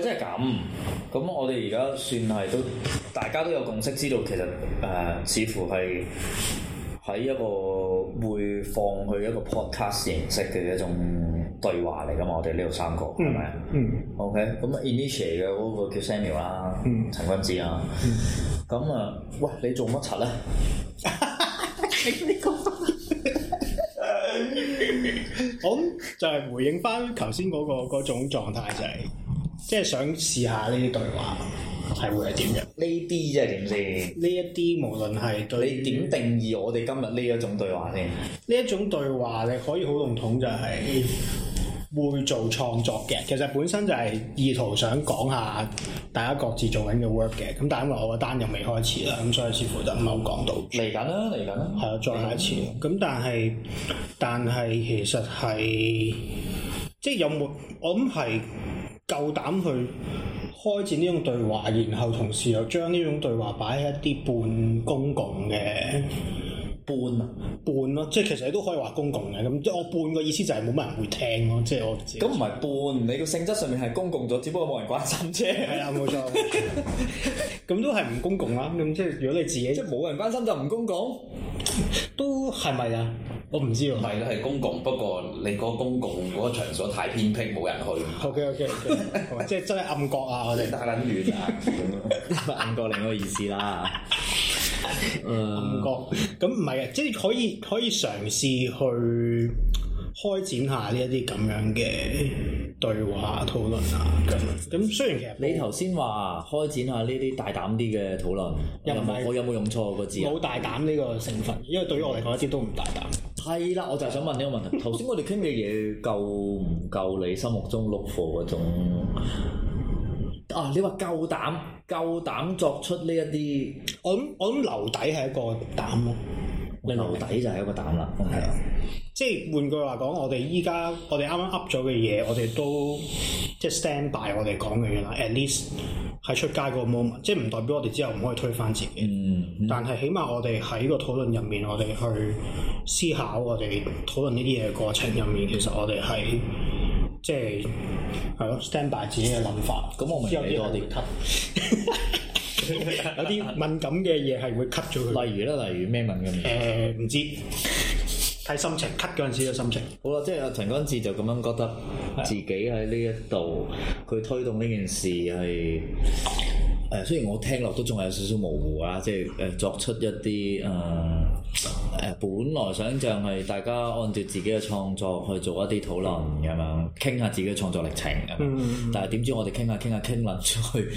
即係咁，咁我哋而家算係都，大家都有共識，知道其實誒，似乎係喺一個會放去一個 podcast 形式嘅一種對話嚟㗎嘛。我哋呢度三個係咪？嗯。O K。咁啊，initial 嘅嗰個叫 Samuel 啦，陳君志啊。嗯。咁啊，喂，你做乜柒咧？呢個。咁就係回應翻頭先嗰個嗰種狀態就係。即係想試下呢啲對話係會係點樣？呢啲即係點先？呢一啲無論係對，你點定義，我哋今日呢一種對話先。呢一種對話你可以好籠統，就係會做創作嘅。其實本身就係意圖想講下大家各自做緊嘅 work 嘅。咁但係因為我個單又未開始啦，咁所以似乎就唔係好講到嚟緊啦，嚟緊啦。係啊，再下一次。咁但係但係其實係即係有冇？我諗係。夠膽去開展呢種對話，然後同時又將呢種對話擺喺一啲半公共嘅。半啊，半咯，即係其實你都可以話公共嘅咁，即係我半個意思就係冇乜人會聽咯，即係我自己。咁唔係半，你個性質上面係公共咗，只不過冇人關心啫，係啊，冇錯。咁 都係唔公共啊，咁即係如果你自己，即係冇人關心就唔公共，都係咪啊？我唔知喎。唔係，係公共，不過你個公共嗰個場所太偏僻，冇人去。OK OK，okay, okay 即係真係暗角啊！ 我哋打得遠啊， 暗角另一個意思啦。 唔覺咁唔係啊，即係可以可以嘗試去開展下呢一啲咁樣嘅對話討論啊。咁咁雖然其實你頭先話開展下呢啲大膽啲嘅討論，又唔係我有冇用錯、啊、個字？冇大膽呢個成分，因為對於我嚟講一啲都唔大膽。係啦， 我就係想問呢個問題。頭先 我哋傾嘅嘢夠唔夠你心目中六貨嗰種？啊！你話夠膽夠膽作出呢一啲，我諗我諗留底係一個膽咯。你留底就係一個膽啦，係、okay。啊。即係換句話講，我哋依家我哋啱啱 up 咗嘅嘢，我哋都即係 stand by 我哋講嘅嘢啦。At least 喺出街個 moment，即係唔代表我哋之後唔可以推翻自己。嗯、mm hmm. 但係起碼我哋喺個討論入面，我哋去思考我哋討論呢啲嘢嘅過程入面，其實我哋係。即係係咯，stand by 自己嘅諗法。咁、嗯、我咪知道有啲我哋 cut 有啲敏感嘅嘢係會 cut 咗佢。例如咧，例如咩敏感嘅？誒唔知，睇心情 cut 嗰陣時嘅心情。心情好啦，即係阿陳光志就咁樣覺得自己喺呢一度去推動呢件事係。誒雖然我聽落都仲係有少少模糊啊，即係誒作出一啲誒誒本來想象係大家按照自己嘅創作去做一啲討論咁樣，傾下、嗯、自己嘅創作歷程咁。嗯、但係點知我哋傾下傾下傾出去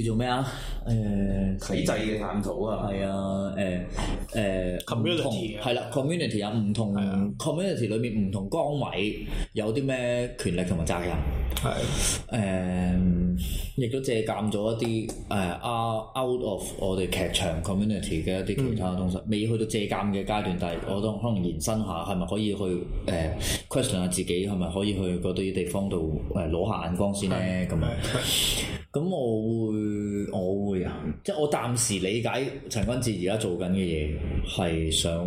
叫做咩啊？誒、欸，體制嘅探討啊。係啊，誒、欸、誒，唔、欸、Community 同係啦、啊、community,、啊、的 community 有唔同 community 裏面唔同崗位有啲咩權力同埋責任。係，誒亦 Yes.、um, 都借鑑咗一啲誒阿 out of 我哋劇場 community 嘅一啲其他嘅東西，嗯、未去到借鑑嘅階段，但係我都可能延伸下，係咪可以去誒、uh, question 下自己，係咪可以去嗰啲地方度誒攞下眼光先咧？咁 Yes. 樣，咁 Yes. 我會我會啊，即係我暫時理解陳君志而家做緊嘅嘢係想。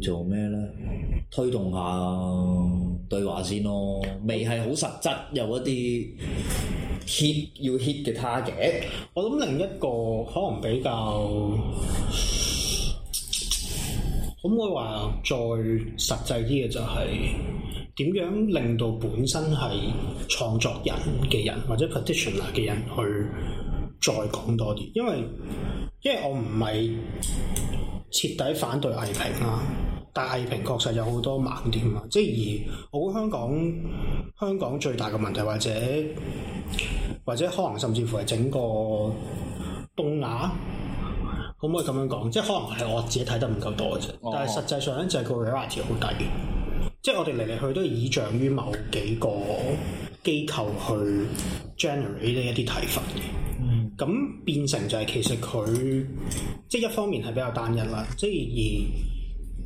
叫做咩咧？推動下對話先咯，未係好實質，有一啲 hit 要 hit 嘅 target。我諗另一個可能比較，可唔可以話再實際啲嘅就係、是、點樣令到本身係創作人嘅人或者 practitioner 嘅人去再講多啲，因為因為我唔係。徹底反對藝評啦，但係藝評確實有好多盲點啊！即係而我覺得香港香港最大嘅問題，或者或者可能甚至乎係整個東亞，可唔可以咁樣講？即係可能係我自己睇得唔夠多啫。哦、但係實際上咧，就係個 represent 好低，即係我哋嚟嚟去都係倚仗於某幾個機構去 generate 呢一啲睇法嘅。咁變成就係其實佢，即係一方面係比較單一啦，即係而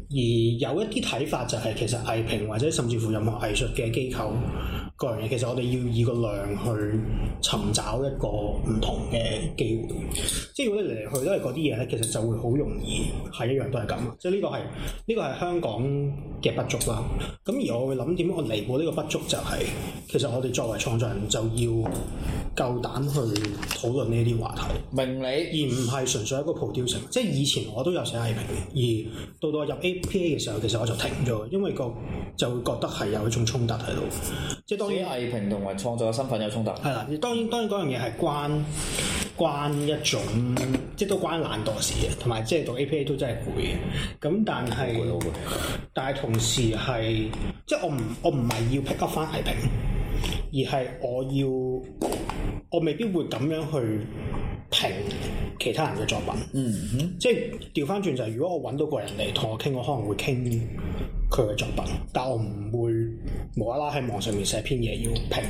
而有一啲睇法就係其實藝評或者甚至乎任何藝術嘅機構。個樣嘢，其實我哋要以個量去尋找一個唔同嘅機會，即係如果你嚟嚟去都係嗰啲嘢咧，其實就會好容易係一樣都係咁。即係呢個係呢個係香港嘅不足啦。咁而我會諗點樣我彌補呢個不足，就係，就係其實我哋作為創作人就要夠膽去討論呢啲話題，明理，而唔係純粹一個 promotion 即係以前我都有寫藝評，而到到入 APA 嘅時候，其實我就停咗，因為個就會覺得係有一種衝突喺度，即係關於藝評同埋創作嘅身份有衝突。係啦，當然當然嗰樣嘢係關關一種，即係都關懶惰事嘅，同埋即係讀 APA 都真係攰嘅。咁但係，但係同時係，即係我唔我唔係要 pick up 翻藝評，而係我要我未必會咁樣去評其他人嘅作品。嗯、mm hmm。即係調翻轉就係、是，如果我揾到個人嚟同我傾，我可能會傾。佢嘅作品，但我唔會無啦啦喺網上面寫篇嘢要評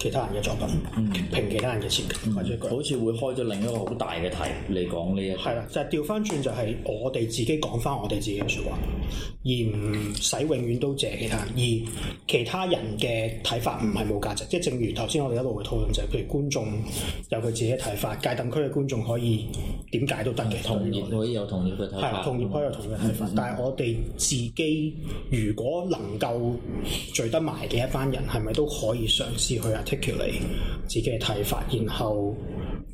其他人嘅作品，嗯、評其他人嘅設計，或者佢好似會開咗另一個好大嘅題嚟講呢？係啦，就係調翻轉，就係我哋自己講翻我哋自己嘅説話。而唔使永遠都借其他，而其他人嘅睇法唔係冇價值。即係正如頭先我哋一路嘅討論就係、是，譬如觀眾有佢自己嘅睇法，界凳區嘅觀眾可以點解都得嘅。同意可以有同意嘅睇法，同意可以有同嘅睇法。法嗯、但係我哋自己如果能夠聚得埋嘅一班人，係咪都可以嘗試去 articulate 自己嘅睇法，然後？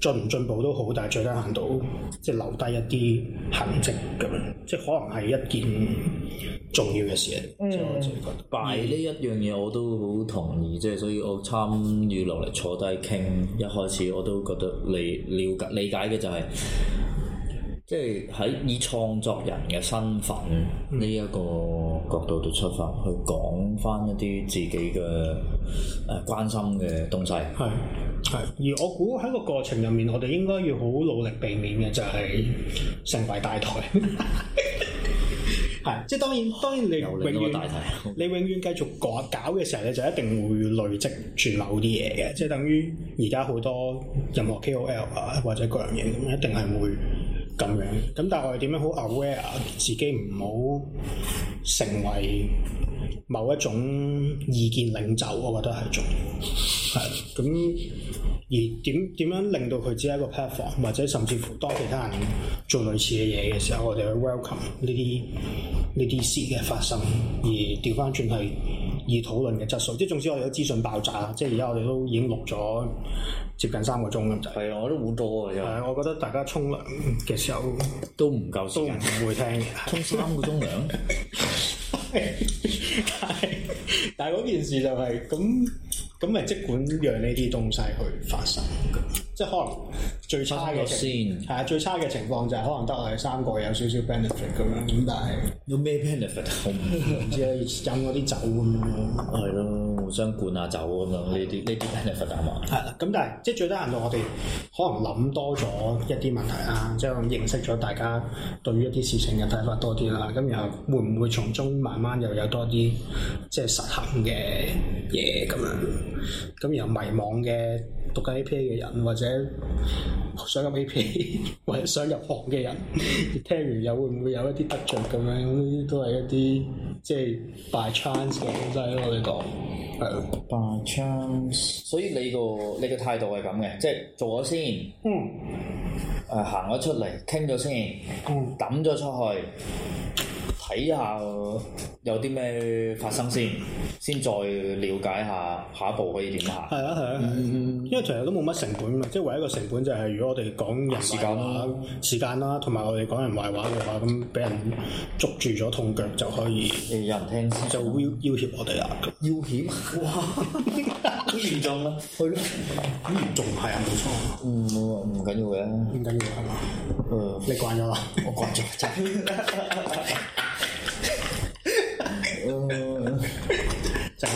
進唔進步都好，但係最低限度，即、就、係、是、留低一啲痕跡，咁即係可能係一件重要嘅事。但係呢一樣嘢我都好同意，即係所以我參與落嚟坐低傾，一開始我都覺得你瞭解理解嘅就係、是，即係喺以創作人嘅身份呢一個角度度出發，去講翻一啲自己嘅誒關心嘅東西。係、mm。Hmm. 而我估喺個過程入面，我哋應該要好努力避免嘅就係成為大台，係 的 即係當然當然你永遠你永遠繼續搞嘅時候咧，就一定會累積住某啲嘢嘅，即係等於而家好多任何 KOL 啊或者各樣嘢咁，一定係會咁樣。咁但係我哋點樣好 aware、啊、自己唔好成為某一種意見領袖，我覺得係重要，咁。而點點樣令到佢只係一個 platform，或者甚至乎當其他人做類似嘅嘢嘅時候，我哋去 welcome 呢啲呢啲事嘅發生。而調翻轉係易討論嘅質素，即係縱使我哋有資訊爆炸啦，即係而家我哋都已經錄咗接近三個鐘咁就係啊，我都好多嘅。誒、嗯，嗯嗯嗯、我覺得大家沖涼嘅時候都唔夠時間，都唔會聽嘅。沖 三個鐘涼， 但係嗰件事就係、係、咁。咁咪即管讓呢啲東西去發生， 即係可能。最差嘅先係啊！最差嘅情況就係可能得我哋三個有少少 benefit 咁樣、嗯，咁但係是有咩 benefit 啊？唔知 啊，飲嗰啲酒咁樣，係咯，互相灌下酒咁樣，呢啲呢啲 benefit 啱嘛？係啦，咁但係即係最低限度，我哋可能諗多咗一啲問題啊，即、就、係、是、認識咗大家對於一啲事情嘅睇法多啲啦、啊，咁然後會唔會從中慢慢又有多啲即係實行嘅嘢咁樣？咁然後迷惘嘅讀緊 APA 嘅人或者～想入 A P 或者想入行嘅人，你 聽完又會唔會有一啲得著咁樣？呢啲都係一啲即係 by chance 嘅東西咯。我哋講係 by chance，所以你個你個態度係咁嘅，即係做咗先，嗯、mm. 呃，誒行咗出嚟傾咗先，嗯，抌咗出去。睇下有啲咩發生先，先再了解一下下一步可以點。下係啊，係啊，啊啊嗯嗯、因為其實都冇乜成本嘛，即係唯一,一個成本就係如果我哋講人話嘅話，時間啦，同埋我哋講人壞話嘅話，話，咁俾人捉住咗痛腳就可以，有人聽就會要挾我哋啊。要挾？要 好嚴重啦，去咯！嚴重的、嗯嗯、係啊，冇錯。嗯，我唔緊要嘅，唔緊要係嘛？誒 是，你慣咗啦，我慣咗。就係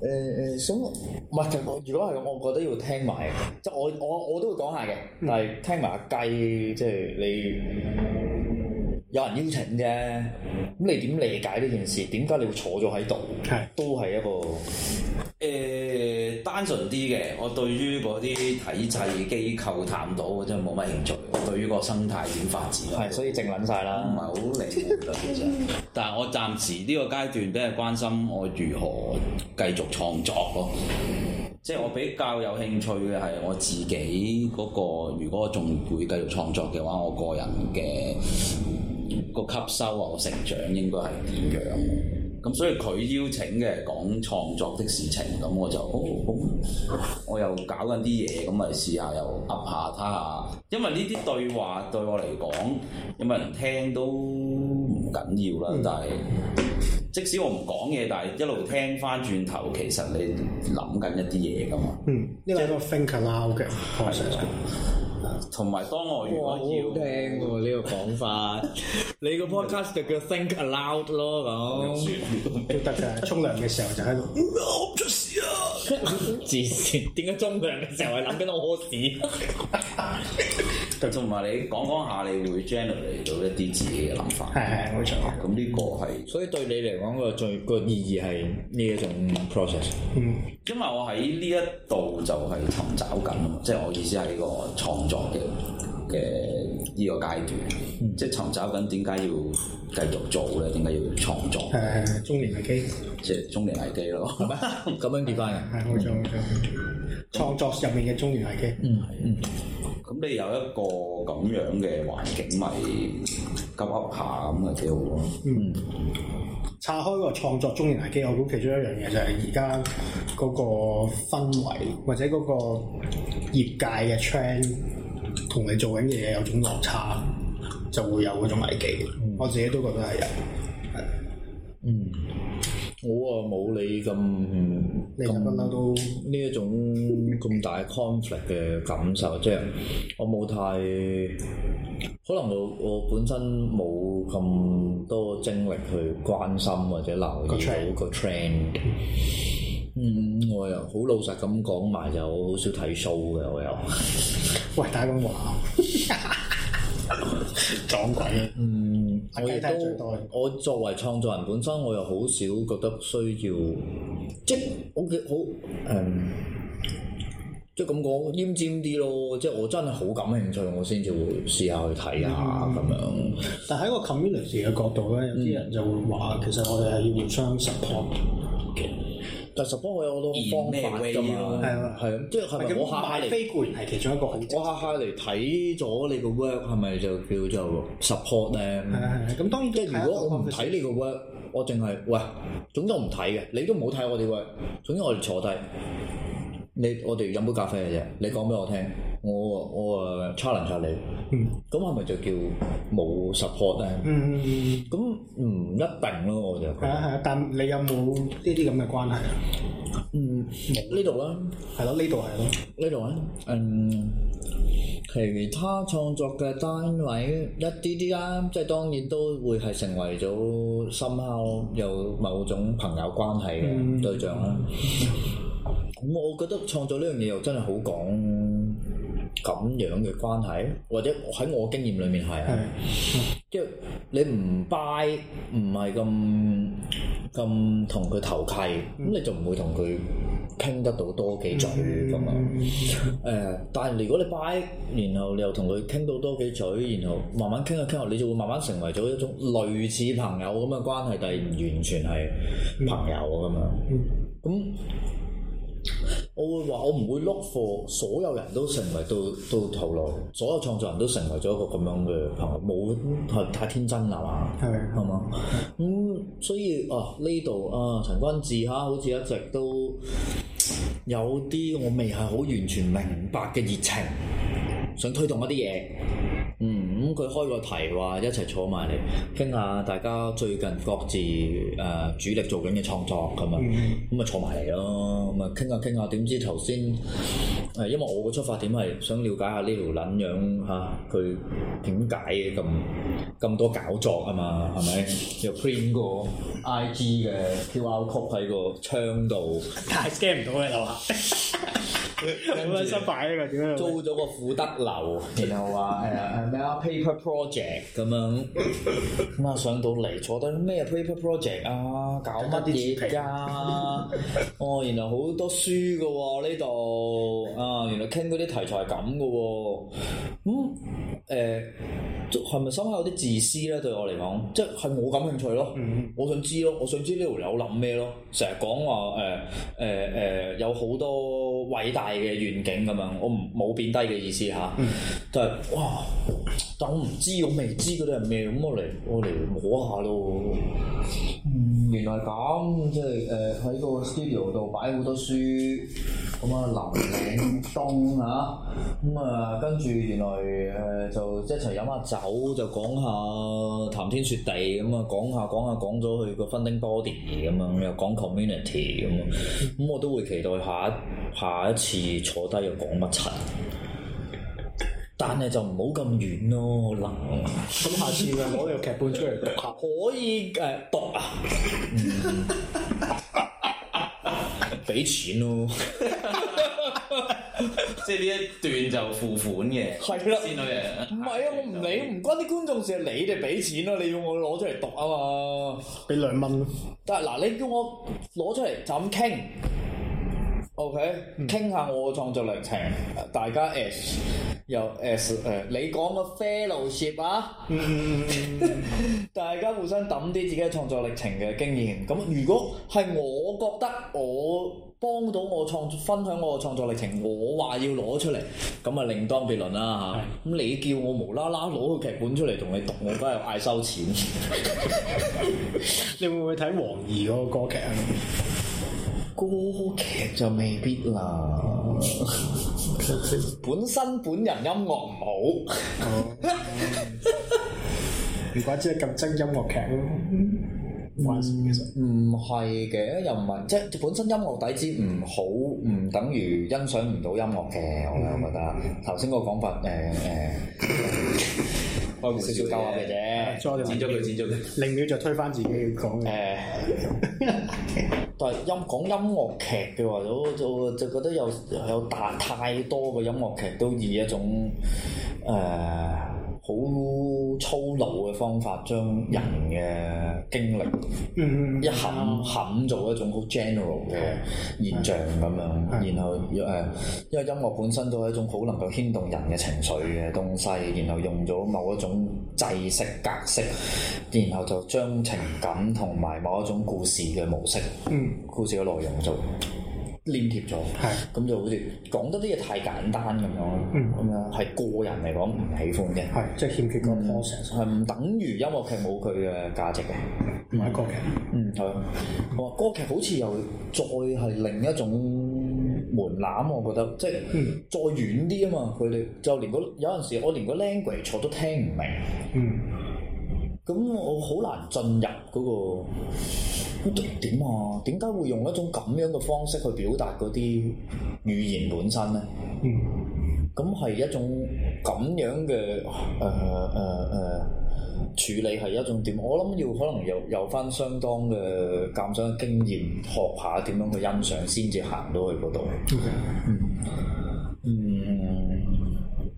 誒誒，想？唔係，我如果係，我覺得要聽埋。即我我我都會講下嘅，但係聽埋阿雞，即係、就是、你。有人邀請啫，咁、嗯、你點理解呢件事？點解你會坐咗喺度？係是都係一個誒、呃，單純啲嘅。我對於嗰啲體制機構探到，真係冇乜興趣。我對於個生態點發展係，所以靜撚晒啦，唔係好理嘅其實。 但係我暫時呢個階段都係關心我如何繼續創作咯。即係我比較有興趣嘅係我自己嗰、個，如果仲會繼續創作嘅話，我個人嘅。個吸收啊，個成長應該係點樣？咁所以佢邀請嘅講創作的事情，咁我就，哦哦、我又搞緊啲嘢，咁咪試下又噏下他下。因為呢啲對話對我嚟講，有冇人聽都唔緊要啦。嗯、但係，即使我唔講嘢，但係一路聽翻轉頭，其實你諗緊一啲嘢㗎嘛。嗯，呢個係個 thinking 啊，OK。好，成 同埋當我如果要聽過呢個講法，你個 podcast 就叫 Think Aloud 咯，咁，都得㗎。沖涼嘅時候就喺度，出事啊！自線點解中嘅時候係諗緊我屎？同埋你講講下，你會 generate 到一啲自己嘅諗法。係係冇錯。咁呢個係所以對你嚟講、個最、個意義係呢一種 process。嗯，因為我喺呢一度就係尋找緊，即、就、係、係、我意思係呢個創作嘅。嘅呢個階段，嗯、即係尋找緊點解要繼續做咧？點解要創作？誒、啊，中年危機，即係中年危機咯，係咁 嗎 樣叫法啊？係冇錯冇錯，好嗯、創作入面嘅中年危機，嗯，咁、嗯、你有一個咁樣嘅環境咪急凹下咁咪幾好咯？嗯，拆開個創作中年危機，我估其中一樣嘢就係而家嗰個氛圍，或者嗰個業界嘅趨勢。同你做緊嘢有種落差，就會有嗰種危機。我自己都覺得係有。嗯，我啊冇你咁咁不嬲都呢一種咁大 conflict 嘅感受，即係、嗯、我冇太可能我我本身冇咁多精力去關心或者留意到個 trend。嗯，我又好老實咁講埋，就好少睇 show 嘅。我又，我又 喂，大咁話，撞 鬼啊！ 嗯，我亦都，我，我作為創作人本身，我又好少覺得需要，即係 OK，好，嗯、um,，即係咁講，奄尖啲咯。即係我真係好感興趣，我先至會試下去睇下咁樣。但喺個 community 嘅角度咧，有啲、嗯、人就會話，其實我哋係要互相 support 嘅。Okay. 但 support 我有好多方法咁咯、嗯，係、嗯、啊，係啊，即係咪我下下嚟？咁買飛固然係其中一個好。我下下嚟睇咗你個 work，係咪就叫做 support 咧、嗯？係係咁當然即係如果我唔睇呢個 work，、嗯、我淨係喂總之都唔睇嘅，你都唔好睇我哋 work。總之我哋坐低，你我哋飲杯咖啡嘅啫，你講俾我聽。嗯我我誒 challenge 下你、嗯，咁係咪就叫冇 support 咧？咁唔、嗯嗯嗯、一定咯，我就係。係啊係，但你有冇呢啲咁嘅關係？嗯，呢度啦，係咯，呢度係咯，呢度咧，嗯，其他創作嘅單位一啲啲啦，即係當然都會係成為咗 somehow 有某種朋友關係嘅對象啦。咁、嗯嗯嗯、 我覺得創作呢樣嘢又真係好講。咁樣嘅關係，或者喺我經驗裏面係，即係 你唔 b 唔係咁咁同佢投契，咁你就唔會同佢傾得到多幾嘴噶嘛。誒、呃，但係如果你 b 然後你又同佢傾到多幾嘴，然後慢慢傾下傾下，你就會慢慢成為咗一種類似朋友咁嘅關係，但係唔完全係朋友噶嘛。咁、嗯。 我會話我唔會 look 貨，所有人都成為到，到頭來，所有創作人都成為咗一個咁樣嘅朋友，冇太天真啦嘛？係是，係嘛？咁、嗯、所以哦呢度啊陳、啊、君志哈，好似一直都有啲我未係好完全明白嘅熱情，想推動一啲嘢。咁佢、嗯、開個題話一齊坐埋嚟傾下，聊聊大家最近各自誒、呃、主力做緊嘅創作咁啊，咁啊、嗯嗯嗯、坐埋嚟咯，咁啊傾下傾下，點知頭先誒，因為我個出發點係想了解下呢條撚樣嚇佢點解咁咁多搞作啊嘛，係咪又 print 個 IG 嘅 QR Code 喺個窗度，太 scan 唔到喺度啊。呵呵。點樣失敗啊？點樣租咗個富德樓， 然後話誒誒咩啊？Paper project 咁樣咁啊？ 上到嚟坐低咩？Paper project 啊？搞乜嘢噶？哦，原來好多書噶呢度啊！原來傾嗰啲題材係咁噶？嗯。誒，係咪心下有啲自私咧？對我嚟講，即係我、就是、我感興趣咯，嗯、我想知咯，我想知呢條友諗咩咯？成日講話誒誒誒，有好多偉大嘅願景咁樣，我唔冇變低嘅意思嚇，就、啊、係、嗯、哇，都唔知我未知嗰啲係咩咁，我嚟我嚟摸下咯。嗯，原來咁，即係誒喺個 studio 度擺好多書。咁啊，林嶺、嗯、東啊，咁、嗯、啊，跟、嗯、住原來誒、呃、就一齊飲下酒，就講下談天說地咁啊，講下講下講咗去個 funding body，咁、嗯、啊，又講 community 咁、嗯、啊，咁、嗯、我都會期待下一下一次坐低又講乜柒，但係就唔好咁遠咯，可能。咁 下次攞個劇本出嚟讀下， 可以誒、呃、讀啊，俾、嗯、 錢咯。即係呢一段就付款嘅，係啦，先到嘅。唔係啊，我唔理，唔關啲觀眾事啊，你哋俾錢咯，你要我攞出嚟讀啊嘛，俾兩蚊咯。但係嗱，你叫我攞出嚟就咁傾，OK，傾下我嘅創作歷程。大家 S 又 S 誒，你講個 fellowship 啊？大家互相抌啲自己嘅創作歷程嘅經驗。咁如果係我覺得我。幫到我創分享我嘅創作歷程，我話要攞出嚟，咁啊另當別論啦吓。咁的、啊、你叫我無啦啦攞個劇本出嚟同你讀，我都係嗌收錢。 你會唔會睇王儀嗰個歌劇啊？歌劇就未必啦， 本身本人音樂唔好，如果即係咁憎音樂劇。 其實唔係嘅，又唔係即係本身音樂底子唔好，唔等於欣賞唔到音樂嘅。我又覺得頭先、嗯、個講法誒誒，我唔少少救下佢啫，剪咗佢，剪咗佢，寧願就推翻自己講嘅。但係音講音樂劇嘅話，就就覺得有有大太多嘅音樂劇都以一種誒，呃好粗魯嘅方法，將人嘅經歷、mm hmm. 一冚冚做一種好 general 嘅現象咁、mm hmm. 樣，然後誒，因為音樂本身都係一種好能夠牽動人嘅情緒嘅東西，然後用咗某一種制式格式，然後就將情感同埋某一種故事嘅模式、mm hmm. 故事嘅內容做。粘貼咗，係咁是就好似講得啲嘢太簡單咁樣，咁樣係個人嚟講唔喜歡嘅，係即係欠缺個 process 係唔等於音樂劇冇佢嘅價值嘅，唔係歌劇。嗯，係。我話 歌劇好似又再係另一種門檻，嗯、我覺得即係、嗯、再遠啲啊嘛，佢哋就連、嗰個有陣時我連個 language 坐都聽唔明。嗯。咁我好難進入嗰個點啊？點解會用一種咁樣嘅方式去表達嗰啲語言本身呢？嗯，咁係一種咁樣嘅誒誒誒處理係一種點？我諗要可能有有翻相當嘅鑑賞經驗，學下點樣去欣賞先至行到去嗰度。Okay. 嗯。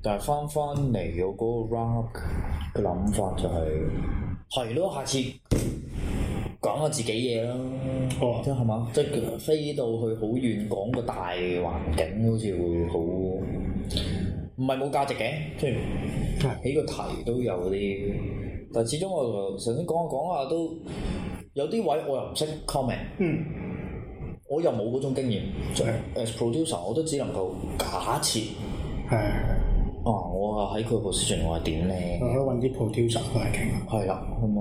但係翻翻嚟我嗰個 run 嘅諗法就係係咯，下次講下自己嘢啦。哦，啊，即係嘛，即係飛到去好遠講個大環境好，好似會好唔係冇價值嘅，即係起個題都有啲。但係始終我頭先講下講，講一下都有啲位我又唔識 comment，嗯，我又冇嗰種經驗，作為 as producer，我都只能夠假設，係。哦、啊，我啊喺佢個 position，我係點咧？可以搵啲 producer 返嚟傾下。係啦，咁樣。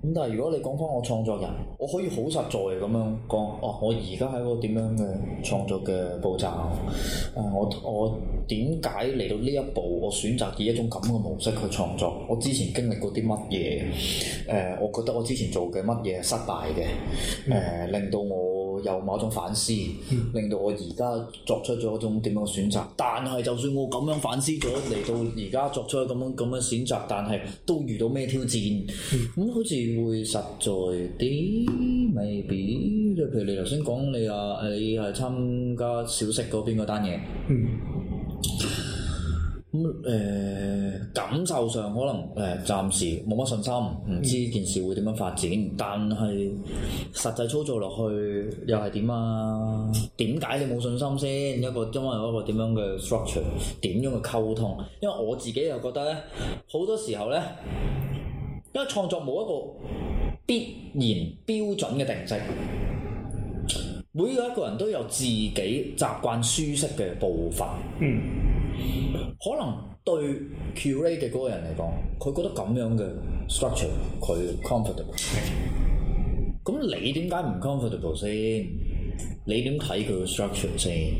咁、嗯、但係如果你講翻我創作人，我可以好實在咁樣講，哦、啊，我而家喺一個點樣嘅創作嘅步驟。誒、啊，我我點解嚟到呢一步？我選擇以一種咁嘅模式去創作。我之前經歷過啲乜嘢？誒、呃，我覺得我之前做嘅乜嘢失敗嘅誒、嗯呃，令到我。有某一種反思，令到我而家作出咗一種點樣嘅選擇。但係就算我咁樣反思咗，嚟到而家作出咁樣咁嘅選擇，但係都遇到咩挑戰？咁、 嗯、好似會實在啲 maybe 即係譬如你頭先講你話，你係、啊、參加小食嗰邊嗰單嘢。 咁感受上可能誒暫時冇乜信心，唔知件事會點樣發展。但係實際操作落去又係點啊？點解你冇信心先？一個因為有一個點樣嘅 structure，點樣嘅溝通？因為我自己又覺得咧，好多時候咧，因為創作冇一個必然標準嘅定式，每個一個人都有自己習慣、舒適嘅步伐。嗯。可能對 curate 嘅嗰個人嚟講，佢覺得咁樣嘅 structure 佢 comfortable。咁你點解唔 comfortable 先？你點睇佢嘅 structure 先？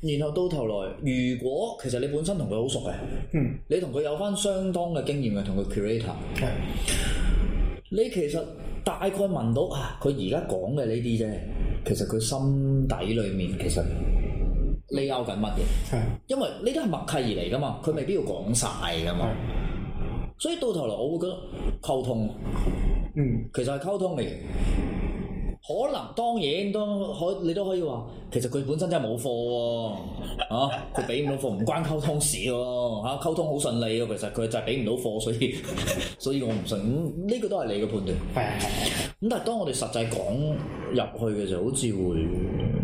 然後到頭來，如果其實你本身同佢好熟嘅，嗯，你同佢有返相當嘅經驗嘅，同佢 curator、嗯、你其實大概聞到啊，佢而家講嘅呢啲啫，其實佢心底裡面其實。你拗緊乜嘢？係的因為呢啲係默契而嚟噶嘛，佢未必要講晒噶嘛。的所以到頭來我會覺得溝通，嗯，其實係溝通嚟。可能當然都可，你都可以話，其實佢本身真係冇貨，啊，佢俾唔到貨，唔關溝通事喎。吓，溝通好順利啊，其實佢就係俾唔到貨，所以所以我唔信。呢個都係你嘅判斷。係係。咁但係當我哋實際講入去嘅時候，好似會。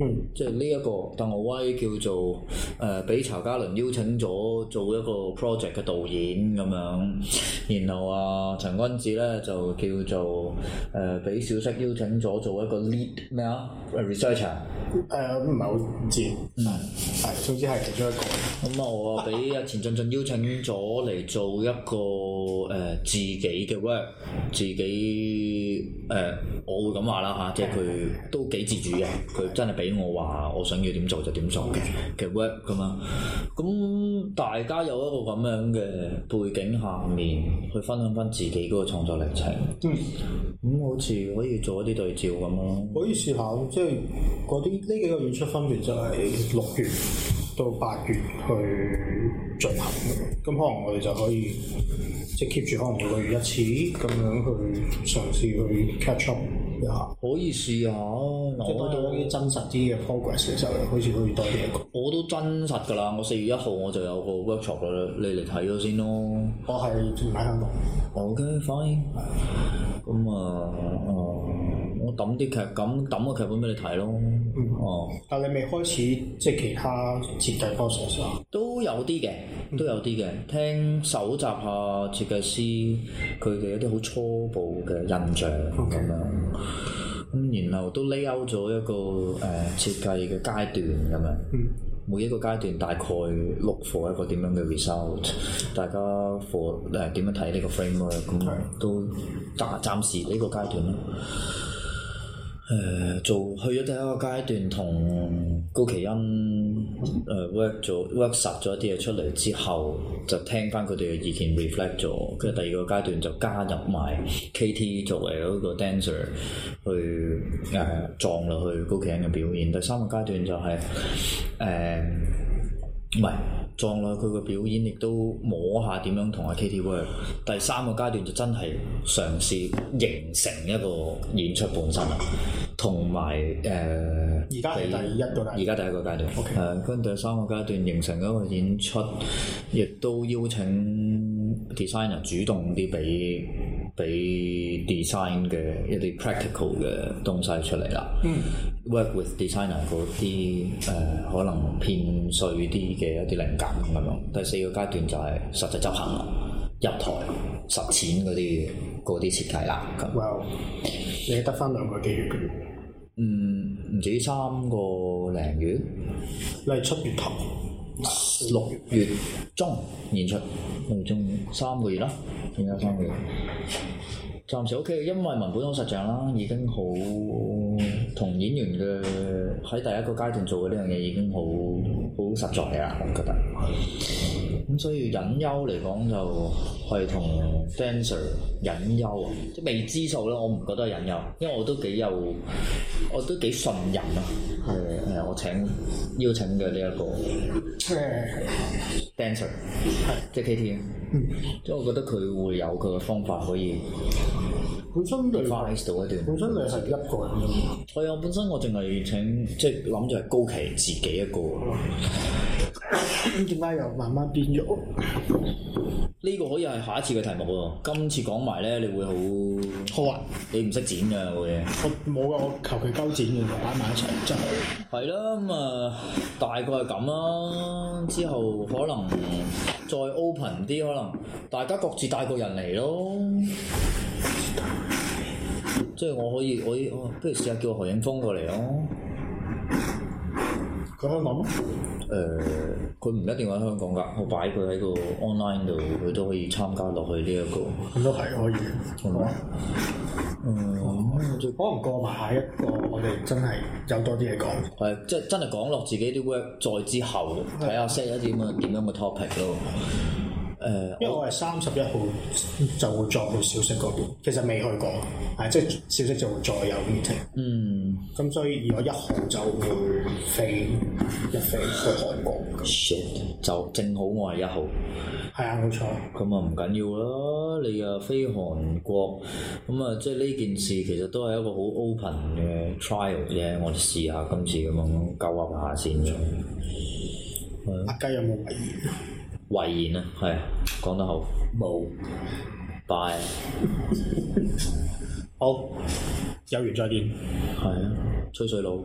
嗯即、這個，即係呢一個鄧浩威叫做誒俾巢嘉倫邀請咗做一個 project 嘅導演咁樣，嗯、然後啊，陳君志咧就叫做誒俾、呃、小息邀請咗做一個 lead 咩啊誒 researcher。誒唔係好唔知。嗯，係總之係其中一個咁啊、 嗯，我俾前進進邀請咗嚟做一個誒 自己嘅 work，自己誒我會咁話啦吓，即係佢都幾自主嘅，佢真係俾。我話我想要點做就點做嘅嘅 web 咁樣，咁大家有一個咁樣嘅背景下面去分享翻自己嗰個創作歷程，嗯，咁好似可以做一啲對照咁咯，可以試下，即係嗰啲呢幾個演出分別就係六月到八月去進行嘅，咁可能我哋就可以即係 keep 住可能每個月一次咁樣去嘗試去 catch up。可以試下，攞到啲真實啲嘅 progress 嚟收，好似可以多啲。我都真實㗎喇，我四月一號我就有個 workshop 啦，你嚟睇咗先咯。我係唔喺香港。OK fine，咁啊、嗯嗯，我抌啲劇，抌抌個劇本俾你睇咯。哦，嗯、但你未開始即係其他設計 process 啊？都有啲嘅，嗯、都有啲嘅，聽搜集下設計師佢哋一啲好初步嘅印象咁 Okay. 樣，咁、嗯、然後都 lay out 咗一個誒設計嘅階段咁樣，嗯、每一個階段大概 look for 一個點樣嘅 result，大家 for 誒、呃、點樣睇呢個 framework 咁樣，到暫暫時個階呢個階段咯。誒、呃、做去咗第一個階段，同高奇恩誒 work 咗 work 實咗啲嘢出嚟之後，就聽翻佢哋嘅意見 reflect 咗。跟住第二個階段就加入埋 KT 作為一個 dancer 去誒、呃、撞落去高奇恩嘅表現。第三個階段就係誒唔係。呃佢個表演亦都摸下點樣同阿 KTV。第三個階段就真係嘗試形成一個演出本身啦，同埋誒。而、呃、家第一個階，而家第一個階段。誒，Okay. uh, 跟第三個階段形成一個演出，亦都邀請。designer 主動啲俾俾 design 嘅一啲 practical 嘅東西出嚟啦。嗯、work with designer 嗰啲誒可能片碎啲嘅一啲靈感咁樣。第四個階段就係實際執行啦，入台實踐嗰啲啲設計啦。咁，wow, 你得返兩個幾個月？嗯，唔止三個零月。你係七月頭？六月中演出，六月中三個月啦，仲有三個月，暫時 OK，因為文本好實像啦，已經好。同演員嘅喺第一個階段做嘅呢樣嘢已經好好實在啊！我覺得咁、嗯，所以隱憂嚟講就係同 dancer 隱憂啊，即未知數咧，我唔覺得隱憂，因為我都幾有，我都幾信任啊，係係的、呃、我請邀請嘅呢一個 dancer，即係 K T，啊的，即係、嗯、我覺得佢會有佢嘅方法可以。好針對一段，好針對係一個人。本身我淨係請，即係諗住係高奇自己一個。點解又慢慢變咗？呢個可以係下一次嘅題目喎。 今次講埋咧，你會好。好啊。你唔識剪㗎，我我冇㗎，我求其鳩剪嘅，擺埋一齊真係。係啦，咁啊，大概係咁啦。之後可能再 open 啲，可能大家各自帶個人嚟咯。即係我可以，我我、哦、不如試下叫何影峰過嚟咯、哦。咁樣諗啊？誒、呃，佢唔一定喺香港㗎，我擺佢喺個 online 度，佢都可以參加落去呢、這、一個。都係可以，係嘛有？我嗯，咁可能過埋下一個，我哋真係有多啲嘢講。係，即係真係講落自己啲 work 再之後，睇的下 set 一啲咁嘅點樣嘅 topic 咯。誒，uh, 因為我係三十一號就會再去小息嗰邊，其實未去過，係即係小息就會再有 meeting 嗯，咁所以如果一號就會飛一飛去韓國。Shit！就正好我係一號。係啊，冇錯。咁啊唔緊要啦，你啊飛韓國，咁啊即係呢件事其實都係一個好 open 嘅 trial 嘅，我哋試下今次咁樣鳩噏下先嘅。阿雞有冇遺言？遺言啊，係啊，講得好，冇拜，好有緣再見，係啊，吹水佬。